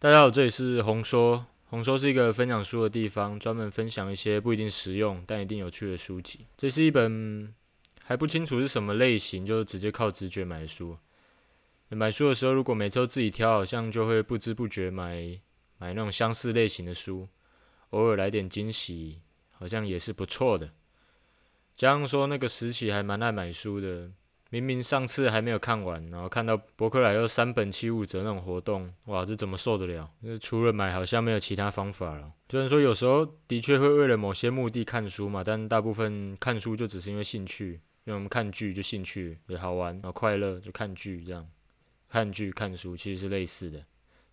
大家好，這裡是紅說。紅說是一個分享書的地方，專門分享一些不一定實用但一定有趣的書籍。這是一本還不清楚是什麼類型，就直接靠直覺買的書。買書的時候，如果每次都自己挑，好像就會不知不覺買買那種相似類型的書。偶爾來點驚喜，好像也是不錯的。加上說，那個時期還蠻愛買書的。明明上次還沒有看完，然後看到博客來又三本七五折那種活動，哇，這怎麼受得了？那除了買好像沒有其他方法了。雖然說有時候的確會為了某些目的看書嘛，但大部分看書就只是因為興趣，因為我們看劇就興趣也好玩，然後快樂就看劇這樣。看劇、看書其實是類似的，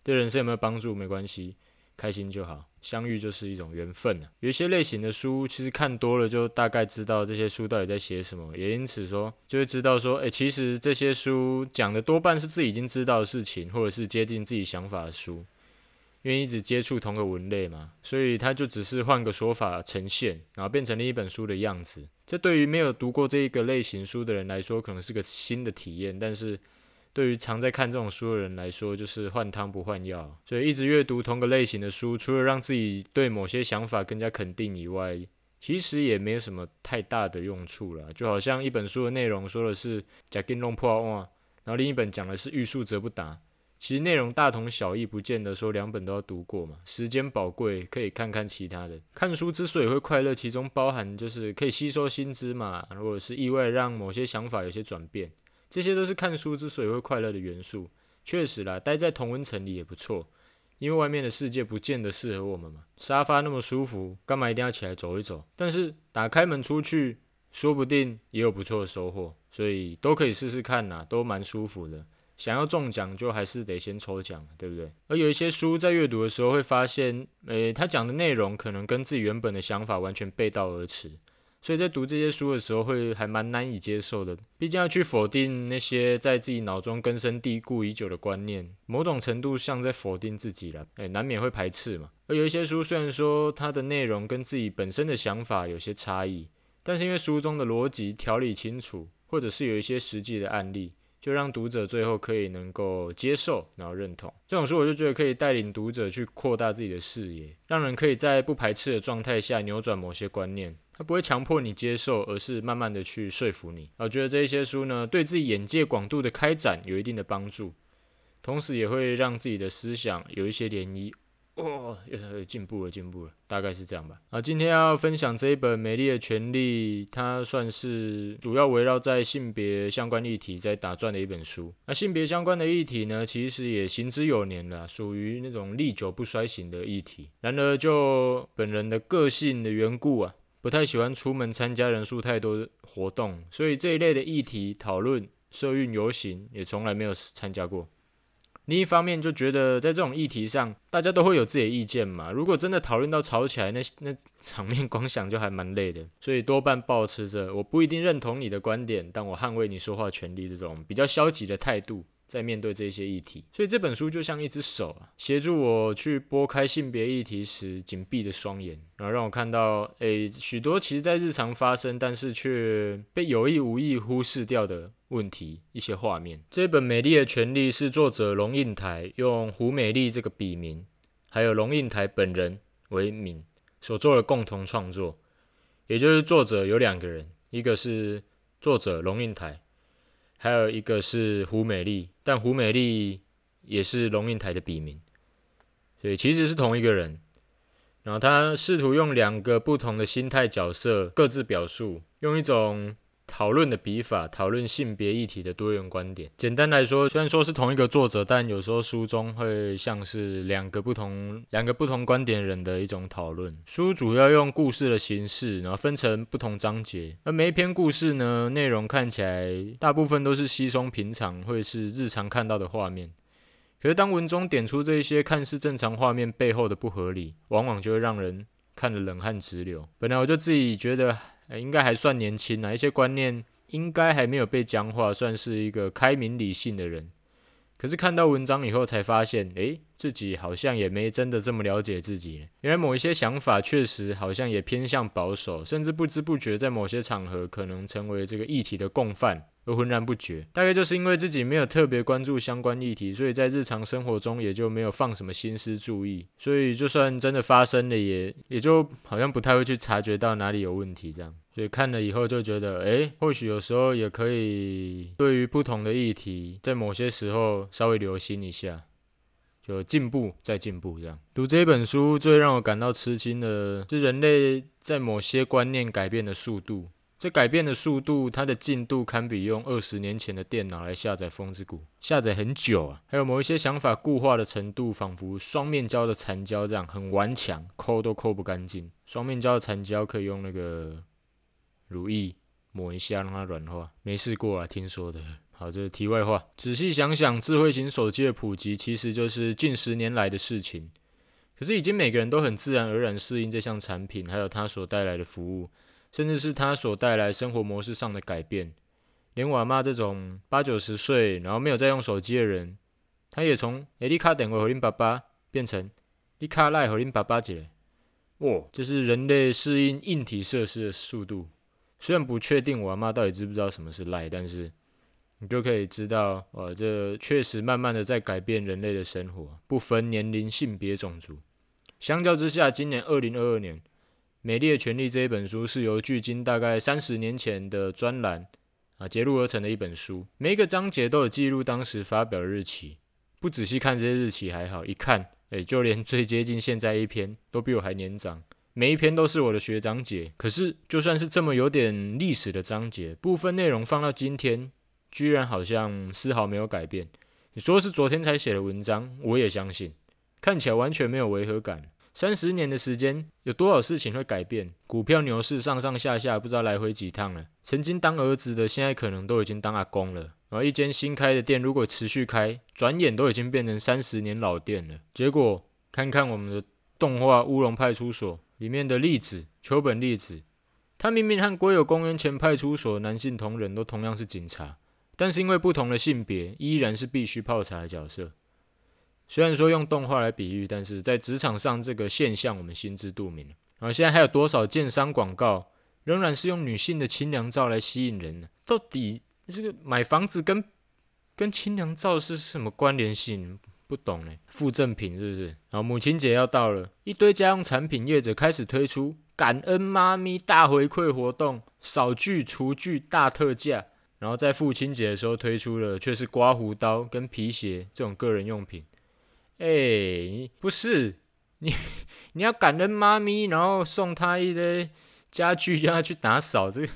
對人生有沒有幫助沒關係。開心就好，相遇就是一種緣分啊。有一些類型的書，其實看多了就大概知道這些書到底在寫什麼，也因此說就會知道說，哎、欸，其實這些書講的多半是自己已經知道的事情，或者是接近自己想法的書。因為一直接觸同個文類嘛，所以它就只是換個說法呈現，然後變成另一本書的樣子。這對於沒有讀過這一個類型書的人來說，可能是個新的體驗，但是。對於常在看這種書的人來說，就是換湯不換藥，所以一直閱讀同個類型的書，除了讓自己對某些想法更加肯定以外，其實也沒有什麼太大的用處了。就好像一本書的內容說的是“呷緊弄破碗”，然後另一本講的是“欲速則不達”，其實內容大同小異，不見得說兩本都要讀過嘛。時間寶貴，可以看看其他的。看書之所以會快樂，其中包含就是可以吸收新知嘛，如果是意外讓某些想法有些轉變。這些都是看書之所以會快樂的元素。確實啦，待在同溫層裡也不錯，因為外面的世界不見得適合我們嘛。沙發那麼舒服，幹嘛一定要起來走一走？但是打開門出去，說不定也有不錯的收穫，所以都可以試試看吶，都蠻舒服的。想要中獎，就還是得先抽獎，對不對？而有一些書在閱讀的時候，會發現，誒、呃，他講的內容可能跟自己原本的想法完全背道而馳。所以在讀這些書的時候，會還蠻難以接受的。畢竟要去否定那些在自己腦中根深蒂固已久的觀念，某種程度像在否定自己了，欸，難免會排斥嘛。而有一些書雖然說它的內容跟自己本身的想法有些差異，但是因為書中的邏輯條理清楚，或者是有一些實際的案例，就讓讀者最後可以能夠接受，然後認同。這種書，我就覺得可以帶領讀者去擴大自己的視野，讓人可以在不排斥的狀態下扭轉某些觀念。他不會強迫你接受，而是慢慢的去說服你。我、啊、覺得這一些書呢，對自己眼界廣度的開展有一定的幫助，同時也會讓自己的思想有一些漣漪。哦，又進步了，進步了，大概是這樣吧。啊，今天要分享這一本《美麗的權利》，它算是主要圍繞在性別相關議題在打轉的一本書。那性別相關的議題呢，其實也行之有年了，屬於那種歷久不衰型的議題。然而，就本人的個性的緣故啊。不太喜歡出門參加人數太多的活動，所以這一類的議題討論、社運遊行也從來沒有參加過。另一方面，就覺得在這種議題上，大家都會有自己的意見嘛。如果真的討論到吵起來，那那場面光想就還蠻累的。所以多半保持着我不一定認同你的觀點，但我捍衛你說話權利這種比較消極的態度。在面對這些議題，所以這本書就像一只手啊，協助我去撥開性別議題時緊閉的雙眼，然後讓我看到，誒，許多其實在日常發生，但是卻被有意無意忽視掉的問題，一些畫面。這本《美麗的權利》是作者龍應台用胡美麗這個筆名，還有龍應台本人為名所做的共同創作，也就是作者有兩個人，一個是作者龍應台。還有一個是胡美麗，但胡美麗也是龍應台的筆名，所以其實是同一個人。然後他試圖用兩個不同的心態角色各自表述，用一種。討論的筆法，討論性別議題的多元觀點。簡單來說，雖然說是同一個作者，但有時候書中會像是兩個不同、兩個不同觀點的人的一種討論。書主要用故事的形式，然後分成不同章節。而每一篇故事呢，內容看起來大部分都是稀鬆平常，或是日常看到的畫面。可是當文中點出這些看似正常畫面背後的不合理，往往就會讓人看得冷汗直流。本來我就自己覺得。欸、應該還算年輕啦，一些觀念應該還沒有被僵化，算是一個開明理性的人。可是看到文章以後，才發現，哎、欸，自己好像也沒真的這麼了解自己。原來某一些想法確實好像也偏向保守，甚至不知不覺在某些場合可能成為這個議題的共犯。而渾然不覺，大概就是因為自己沒有特別關注相關議題，所以在日常生活中也就沒有放什麼心思注意，所以就算真的發生了也，也也就好像不太會去察覺到哪裡有問題這樣。所以看了以後就覺得，誒，或許有時候也可以對於不同的議題，在某些時候稍微留心一下，就進步再進步這樣。讀這本書最讓我感到吃驚的是人類在某些觀念改變的速度。這改變的速度，它的進度堪比用二十年前的電腦來下載《楓之谷》，下載很久啊。還有某一些想法固化的程度，仿佛雙面膠的殘膠這樣，很頑強，摳都摳不乾淨。雙面膠的殘膠可以用那個乳液抹一下，讓它軟化。沒試過啊，聽說的。好，這是、個、題外話。仔細想想，智慧型手機的普及其實就是近十年來的事情，可是已經每個人都很自然而然適應這項產品，還有它所帶來的服務。甚至是他所帶來生活模式上的改變，連我媽這種八九十歲，然後沒有在用手機的人，他也從“哎、欸，你打電話給恁爸爸”變成“你打賴給恁爸爸”了。哇，這是人類適應硬體設施的速度。雖然不確定我媽到底知不知道什麼是賴，但是你就可以知道，呃，這確實慢慢的在改變人類的生活，不分年齡、性別、種族。相較之下，今年二零二二年。《美麗的權利》這一本書是由距今大概三十年前的專欄啊結錄而成的一本書，每一個章節都有記錄當時發表的日期。不仔細看這些日期還好，一看，哎、欸，就連最接近現在一篇都比我還年長，每一篇都是我的學長姐。可是就算是這麼有點歷史的章節，部分內容放到今天，居然好像絲毫沒有改變。你說是昨天才寫的文章，我也相信，看起來完全沒有違和感。三十年的時間，有多少事情會改變？股票牛市上上下下，不知道來回幾趟了。曾經當兒子的，現在可能都已經當阿公了。而一間新開的店，如果持續開，轉眼都已經變成三十年老店了。結果看看我們的動畫《烏龍派出所》裡面的例子，秋本麗子，他明明和龜有公園前派出所男性同仁都同樣是警察，但是因為不同的性別，依然是必須泡茶的角色。雖然說用動畫來比喻，但是在職場上這個現象我們心知肚明。然後現在還有多少建商廣告仍然是用女性的清涼照來吸引人呢、啊？到底這個買房子跟跟清涼照是什麼關聯性？不懂呢、欸，附贈品是不是？然後母親節要到了，一堆家用產品業者開始推出感恩媽咪大回饋活動，掃具、廚具大特價。然後在父親節的時候推出了卻是刮鬍刀跟皮鞋這種個人用品。哎、欸，你不是你？你要感恩媽咪，然後送她一堆家具讓她去打掃，這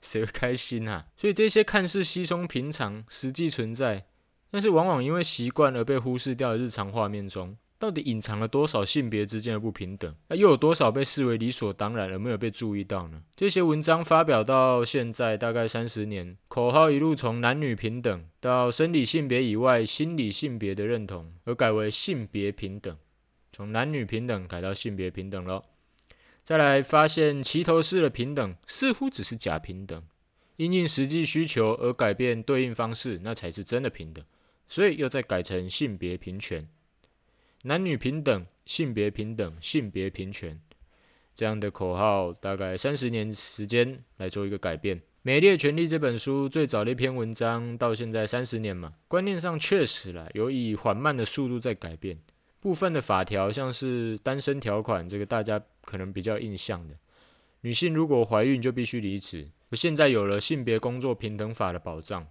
誰、個、會開心啊？所以這些看似稀鬆平常、實際存在，但是往往因為習慣而被忽視掉的日常畫面中。到底隱藏了多少性別之間的不平等？那、啊、又有多少被視為理所當然，而沒有被注意到呢？這些文章發表到現在大概三十年，口號一路從男女平等到生理性別以外心理性別的認同，而改為性別平等，從男女平等改到性別平等咯。再來發現齊頭式的平等似乎只是假平等，因應實際需求而改變對應方式，那才是真的平等。所以又再改成性別平權。男女平等、性別平等、性別平權這樣的口號，大概三十年時間來做一個改變。《美麗的權利》這本書最早的一篇文章，到現在三十年嘛，觀念上確實啦，有以緩慢的速度在改變。部分的法條，像是單身條款，這個大家可能比較印象的，女性如果懷孕就必須離職。我現在有了性別工作平等法的保障。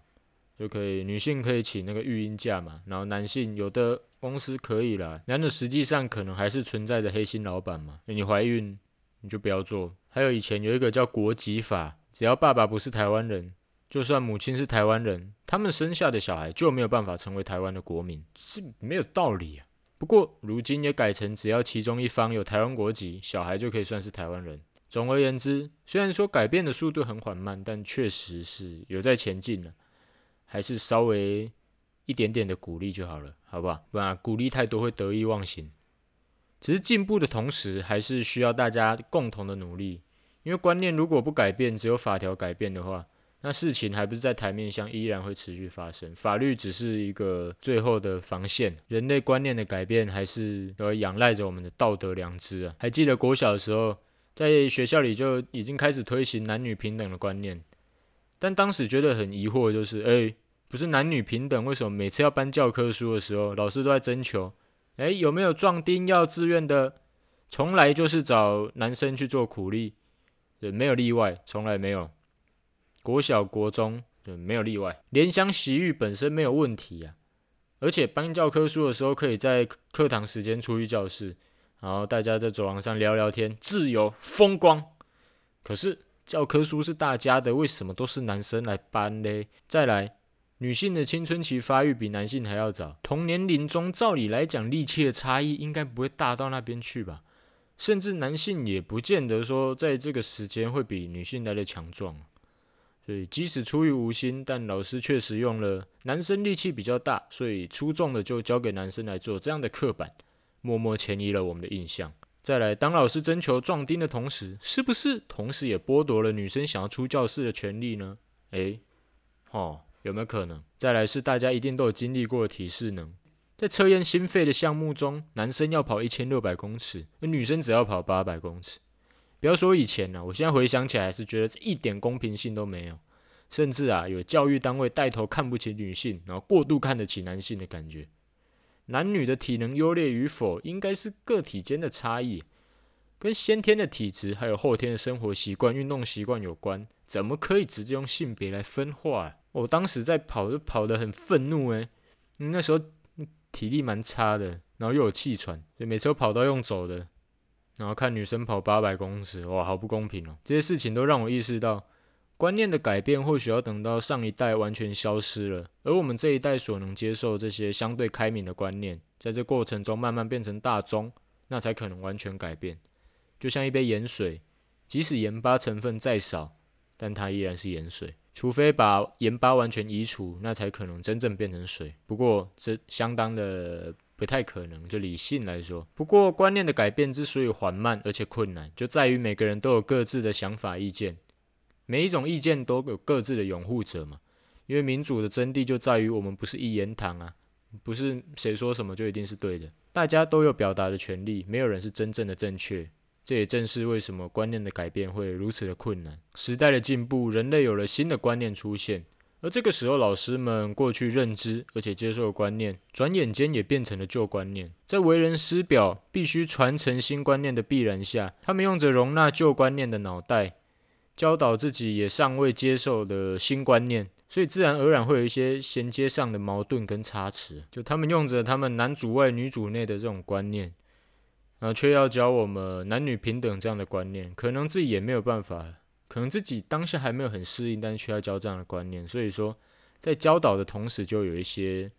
就可以，女性可以請那個育嬰假嘛，然後男性有的公司可以啦，男的實際上可能還是存在着黑心老板嘛。你懷孕你就不要做。還有以前有一個叫國籍法，只要爸爸不是台灣人，就算母親是台灣人，他們生下的小孩就沒有辦法成為台灣的國民，是沒有道理啊。不過如今也改成只要其中一方有台灣國籍，小孩就可以算是台灣人。總而言之，雖然說改變的速度很緩慢，但確實是有在前進了。還是稍微一點點的鼓勵就好了，好不好？不然、啊、鼓勵太多會得意忘形。只是進步的同時，還是需要大家共同的努力。因為觀念如果不改變，只有法條改變的話，那事情還不是在台面上，依然會持續發生。法律只是一個最後的防線，人類觀念的改變，還是要仰賴着我們的道德良知啊。還記得國小的時候，在學校裡就已經開始推行男女平等的觀念。但當時覺得很疑惑，就是，誒、欸，不是男女平等，為什麼每次要搬教科書的時候，老師都在徵求，誒、欸，有沒有壯丁要自願的？從來就是找男生去做苦力，也沒有例外，從來沒有。國小、國中也沒有例外。憐香惜玉本身沒有問題啊，而且搬教科書的時候可以在課堂時間出去教室，然後大家在走廊上聊聊天，自由風光。可是。教科書是大家的，為什麼都是男生來搬嘞？再來，女性的青春期發育比男性還要早，同年齡中照理來講，力氣的差異應該不會大到那邊去吧？甚至男性也不見得說在這個時間會比女性來得強壯。所以即使出於無心，但老師確實用了男生力氣比較大，所以粗重的就交給男生來做這樣的刻板，默默潛移了我們的印象。再來，當老師徵求壯丁的同時，是不是同時也剝奪了女生想要出教室的權利呢？誒、欸，哦，有沒有可能？再來是大家一定都有經歷過的提示呢，在測驗心肺的項目中，男生要跑一千六百公尺，而女生只要跑八百公尺。不要說以前了、啊，我現在回想起來是覺得這一點公平性都沒有，甚至啊，有教育單位帶頭看不起女性，然後過度看得起男性的感覺。男女的體能優劣與否，應該是個體間的差異，跟先天的體質還有後天的生活習慣、運動習慣有關。怎麼可以直接用性別來分化、啊哦？我當時在跑，就跑得很憤怒誒，嗯、那時候體力蠻差的，然後又有氣喘，所以每次都跑到用走的。然後看女生跑八百公尺，哇，好不公平哦！這些事情都讓我意識到。觀念的改變或許要等到上一代完全消失了，而我們這一代所能接受這些相對開明的觀念，在這過程中慢慢變成大眾，那才可能完全改變。就像一杯鹽水，即使鹽巴成分再少，但它依然是鹽水，除非把鹽巴完全移除，那才可能真正變成水。不過這相當的不太可能，就理性來說。不過觀念的改變之所以緩慢而且困難，就在於每個人都有各自的想法意見。每一種意見都有各自的擁護者嘛，因為民主的真諦就在於我們不是一言堂啊，不是誰說什麼就一定是對的，大家都有表達的權利，沒有人是真正的正確。這也正是為什麼觀念的改變會如此的困難。時代的進步，人類有了新的觀念出現，而這個時候，老師們過去認知而且接受的觀念，轉眼間也變成了舊觀念。在為人師表，必須傳承新觀念的必然下，他們用着容納舊觀念的腦袋。教導自己也尚未接受的新觀念，所以自然而然會有一些銜接上的矛盾跟差池。就他們用着他們男主外女主內的這種觀念，啊，卻要教我們男女平等這樣的觀念，可能自己也沒有辦法，可能自己當下還沒有很適應，但是卻要教這樣的觀念。所以說，在教導的同時，就有一些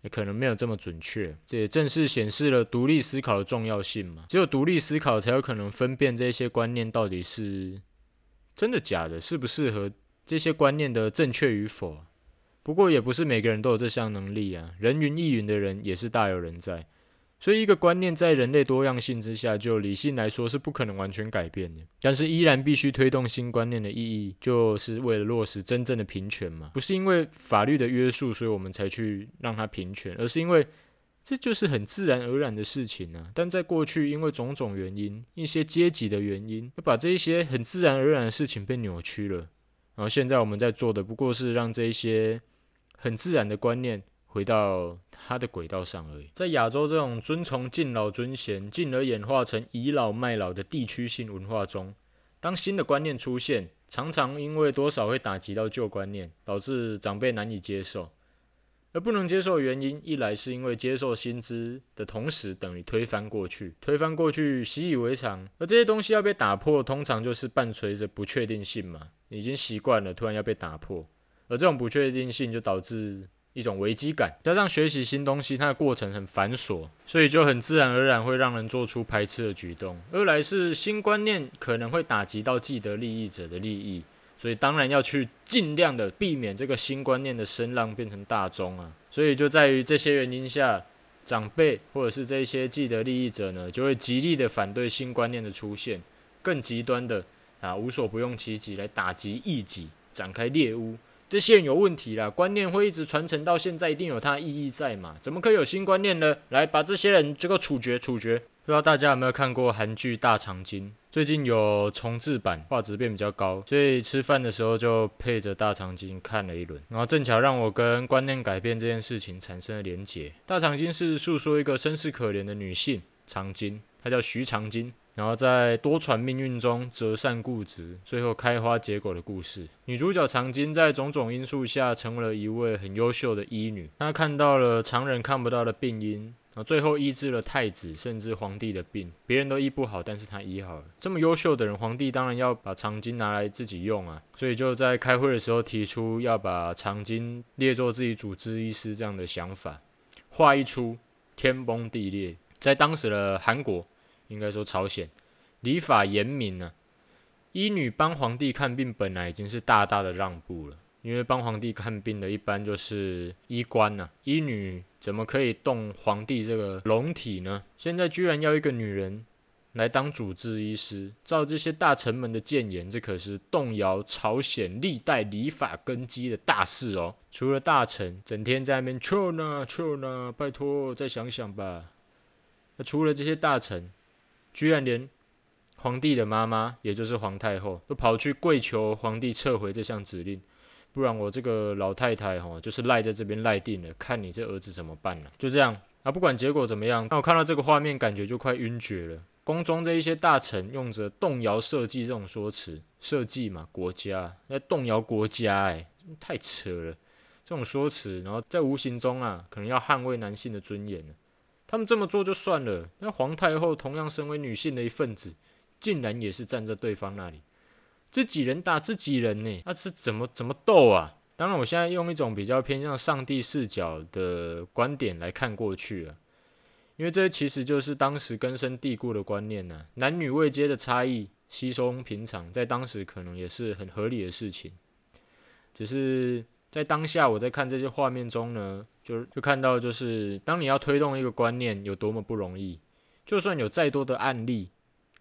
也可能沒有這麼準確。這也正是顯示了獨立思考的重要性嘛。只有獨立思考，才有可能分辨這些觀念到底是。真的假的？適不適合這些觀念的正確與否啊？不過也不是每個人都有這項能力啊。人云亦云的人也是大有人在，所以一個觀念在人類多樣性之下，就理性來說是不可能完全改變的。但是依然必須推動新觀念的意義，就是為了落實真正的平權嘛。不是因為法律的約束，所以我們才去讓它平權，而是因為。這就是很自然而然的事情啊，但在過去，因為種種原因，一些階級的原因，就把這一些很自然而然的事情被扭曲了。然後現在我們在做的，不過是讓這一些很自然的觀念回到它的軌道上而已。在亞洲這種遵從敬老尊賢，進而演化成倚老賣老的地區性文化中，當新的觀念出現，常常因為多少會打擊到舊觀念，導致長輩難以接受。而不能接受的原因，一來是因為接受新知的同時等於推翻過去，推翻過去習以為常，而這些東西要被打破，通常就是伴隨着不確定性嘛，你已經習慣了，突然要被打破，而這種不確定性就導致一種危機感，加上學習新東西它的過程很繁瑣，所以就很自然而然會讓人做出排斥的舉動。二來是新觀念可能會打擊到既得利益者的利益。所以當然要去盡量的避免，這個新觀念的聲浪變成大眾啊，所以就在於這些原因下，長輩或者是這一些既得利益者呢，就會極力的反對新觀念的出現，更極端的啊，無所不用其極來打擊異己，展開獵巫。這些人有問題啦，觀念會一直傳承到現在，一定有它的意義在嘛。怎麼可以有新觀念呢？來把這些人這個處決處決。不知道大家有沒有看過韓劇《大長今》，最近有重制版，畫質變比較高，所以吃飯的時候就配着大長今看了一輪，然後正巧讓我跟觀念改變這件事情產生了連結。大長今是述說一個身世可憐的女性長今，她叫徐長今。然後在多舛命運中擇善固執，最後開花結果的故事。女主角長今在種種因素下成為了一位很優秀的醫女。她看到了常人看不到的病因，然後最後醫治了太子甚至皇帝的病。別人都醫不好，但是她醫好了。這麼優秀的人，皇帝當然要把長今拿來自己用啊。所以就在開會的時候提出要把長今列作自己主治醫師這樣的想法。話一出，天崩地裂。在當時的韓國。應該說，朝鮮禮法嚴明呢、啊。醫女幫皇帝看病本來已經是大大的讓步了，因為幫皇帝看病的一般就是醫官吶。醫女怎麼可以動皇帝這個龍體呢？現在居然要一個女人來當主治醫師，照這些大臣們的諫言，這可是動搖朝鮮歷代禮法根基的大事哦。除了大臣整天在那邊臭呢臭呢，拜托再想想吧。那、啊、除了這些大臣。居然連皇帝的媽媽，也就是皇太後，都跑去跪求皇帝撤回這項指令，不然我這個老太太哦，就是賴在這邊賴定了。看你這兒子怎麼辦呢、啊？就這樣啊，不管結果怎麼樣，但、啊、我看到這個畫面，感覺就快暈厥了。宮中的一些大臣用着動搖社稷這種說辭，社稷嘛，國家要動搖國家、欸，哎，太扯了，這種說辭，然後在無形中啊，可能要捍衛男性的尊嚴他們這麼做就算了，那皇太后同樣身為女性的一份子，竟然也是站在對方那裡，自己人打自己人呢、欸？那、啊、是怎麼怎麼鬥啊？當然，我現在用一種比較偏向上帝視角的觀點來看過去了、啊，因為這其實就是當時根深蒂固的觀念呢、啊，男女位階的差異稀鬆平常，在當時可能也是很合理的事情，只是在當下我在看這些畫面中呢。就就看到，就是當你要推動一個觀念有多麼不容易，就算有再多的案例，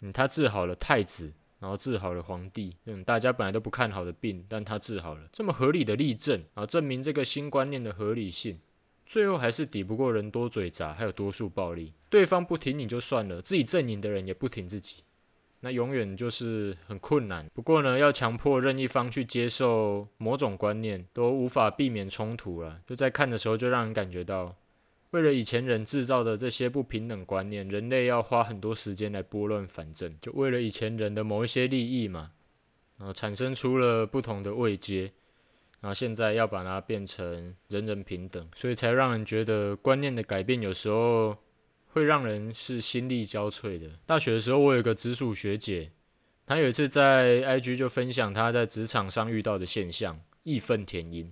嗯，他治好了太子，然後治好了皇帝，嗯，大家本來都不看好的病，但他治好了，這麼合理的例證，然後證明這個新觀念的合理性，最後還是抵不過人多嘴雜，還有多數暴力，對方不挺你就算了，自己陣營的人也不挺自己。那永遠就是很困難。不過呢，要強迫任意方去接受某種觀念，都無法避免衝突了。就在看的時候，就讓人感覺到，為了以前人制造的這些不平等觀念，人類要花很多時間來撥亂反正。就為了以前人的某一些利益嘛，然後產生出了不同的位階，然後現在要把它變成人人平等，所以才讓人覺得觀念的改變有時候。會讓人是心力交瘁的。大學的時候，我有一個直屬學姐，她有一次在 IG 就分享她在職場上遇到的現象，義憤填膺，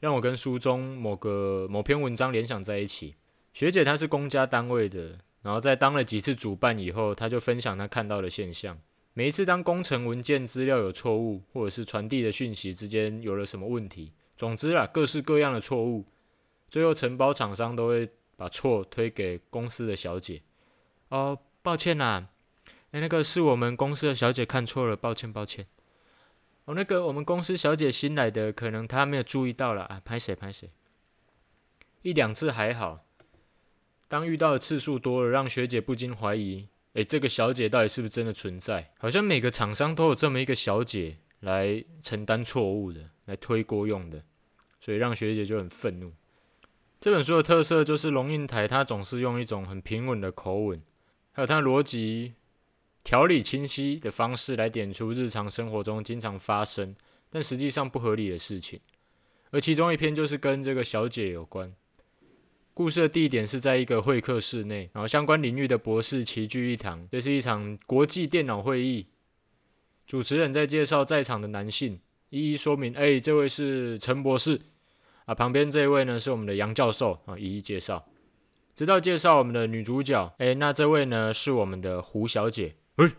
讓我跟書中某個某篇文章聯想在一起。學姐她是公家單位的，然後在當了幾次主辦以後，她就分享她看到的現象。每一次當工程文件資料有錯誤，或者是傳遞的訊息之間有了什麼問題，總之啦，各式各樣的錯誤，最後承包廠商都會。把、啊、錯推給公司的小姐，哦，抱歉吶、啊，哎，那個是我們公司的小姐看錯了，抱歉抱歉。哦，那個我們公司小姐新來的，可能她沒有注意到了啊，拍謝拍謝。一兩次還好，當遇到的次數多了，讓學姐不禁懷疑，哎，這個小姐到底是不是真的存在？好像每個廠商都有這麼一個小姐來承擔錯誤的，來推鍋用的，所以讓學姐就很憤怒。這本書的特色就是龍應台，他總是用一種很平穩的口吻，還有他的邏輯條理清晰的方式來點出日常生活中經常發生但實際上不合理的事情。而其中一篇就是跟這個小姐有關。故事的地點是在一個會客室內，然後相關領域的博士齊聚一堂，這是一場國際電腦會議。主持人在介紹在場的男性，一一說明：哎、欸，這位是陳博士。啊，旁邊這一位呢是我們的楊教授啊，一一介紹，直到介紹我們的女主角。哎、欸，那這位呢是我們的胡小姐。哎、欸、哎，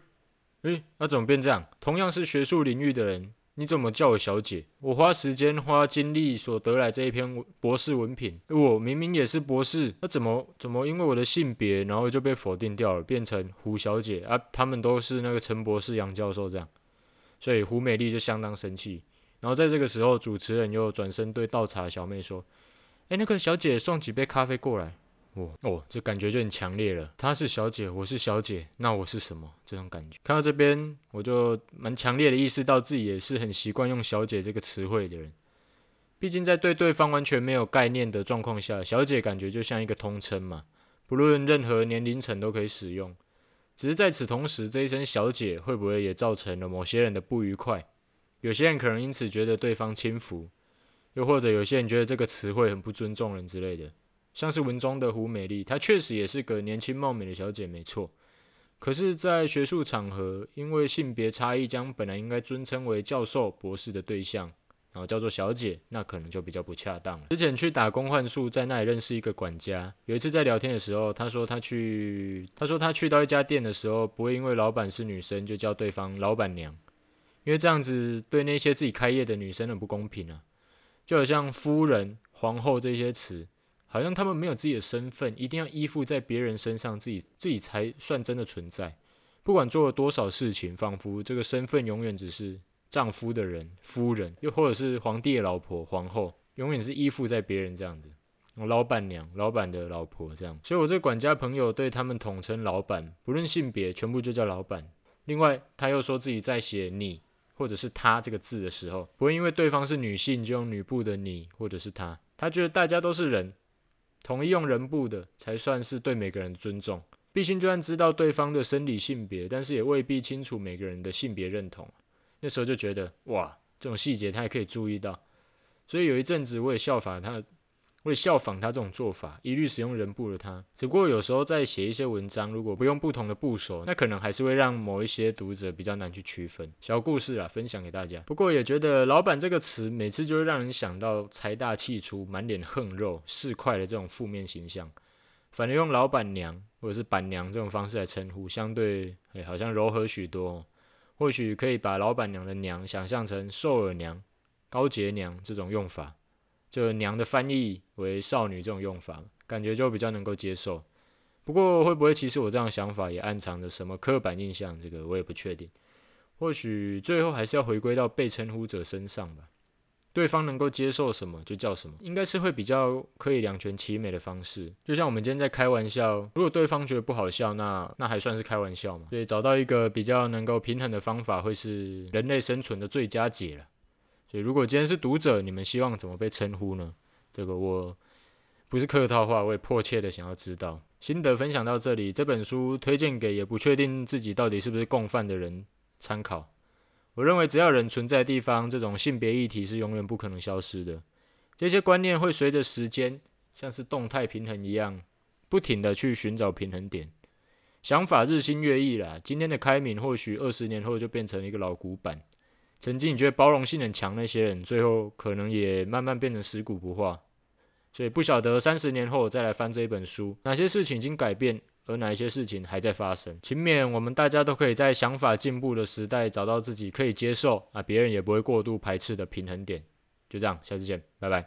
那、欸啊、怎麼變這樣？同樣是學術領域的人，你怎麼叫我小姐？我花時間花精力所得來這一篇博士文憑、欸。我明明也是博士，那、啊、怎麼怎麼因為我的性別，然後就被否定掉了，變成胡小姐啊？他們都是那個陳博士、楊教授這樣，所以胡美麗就相當生氣。然後在這個時候，主持人又轉身對倒茶的小妹說：“哎，那個小姐送幾杯咖啡過來。”哦哦哦，這感覺就很強烈了。她是小姐，我是小姐，那我是什麼？這種感覺。看到這邊，我就蠻強烈的意識到自己也是很習慣用“小姐”這個詞彙的人。畢竟在對對方完全沒有概念的狀況下，“小姐”感覺就像一個通稱嘛，不論任何年齡層都可以使用。只是在此同時，這一聲“小姐”會不會也造成了某些人的不愉快？有些人可能因此覺得對方輕浮，又或者有些人覺得這個詞彙很不尊重人之類的。像是文中的胡美麗，她確實也是個年輕貌美的小姐，沒錯。可是，在學術場合，因為性別差異，將本來應該尊稱為教授、博士的對象，然後叫做小姐，那可能就比較不恰當了。之前去打工換宿，在那裡認識一個管家，有一次在聊天的時候，他說他去，他說他去到一家店的時候，不會因為老闆是女生就叫對方老闆娘。因為這樣子對那些自己開業的女生很不公平啊！就好像夫人、皇後這些詞，好像她們沒有自己的身份，一定要依附在別人身上，自己自己才算真的存在。不管做了多少事情，仿佛這個身份永遠只是丈夫的人、夫人，又或者是皇帝的老婆、皇後，永遠是依附在別人這樣子。老闆娘、老闆的老婆這樣。所以我這管家朋友對他們統稱老闆，不論性別，全部就叫老闆。另外，他又說自己在寫你。或者是他這個字的時候，不會因為對方是女性就用女部的你，或者是他，他覺得大家都是人，統一用人部的才算是對每個人的尊重。畢竟就算知道對方的生理性別，但是也未必清楚每個人的性別認同。那時候就覺得哇，這種細節他也可以注意到，所以有一陣子我也效仿他，會效仿他這種做法，一律使用人部的他。只不過有時候在寫一些文章，如果不用不同的部首，那可能還是會讓某一些讀者比較難去區分。小故事啊，分享給大家。不過也覺得“老闆”這個詞每次就會讓人想到財大氣粗、滿臉橫肉、市儈的這種負面形象。反而用“老闆娘”或者是“闆娘”這種方式來稱呼，相對、哎、好像柔和許多。或許可以把“老闆娘”的“娘”想象成瘦耳娘、高潔娘這種用法。就娘的翻譯為少女這種用法，感覺就比較能夠接受。不過會不會其實我這樣的想法也暗藏着什麼刻板印象？這個我也不確定。或許最後還是要回歸到被稱呼者身上吧，對方能夠接受什麼就叫什麼，應該是會比較可以兩全其美的方式。就像我們今天在開玩笑，如果對方覺得不好笑，那那還算是開玩笑嘛？所以，找到一個比較能夠平衡的方法，會是人類生存的最佳解了。所以，如果今天是讀者，你們希望怎麼被稱呼呢？這個我不是客套話，我也迫切的想要知道。心得分享到這裡，這本書推薦給也不確定自己到底是不是共犯的人參考。我認為，只要人存在地方，這種性別議題是永遠不可能消失的。這些觀念會隨着時間，像是動態平衡一樣，不停地去尋找平衡點。想法日新月異啦，今天的開明或許二十年後就變成一個老古板。曾經你覺得包容性很強那些人，最後可能也慢慢變成食古不化。所以不曉得三十年後再來翻這一本書，哪些事情已經改變，而哪一些事情還在發生。期勉我們大家都可以在想法進步的時代，找到自己可以接受啊，別人也不會過度排斥的平衡點。就這樣，下次見，拜拜。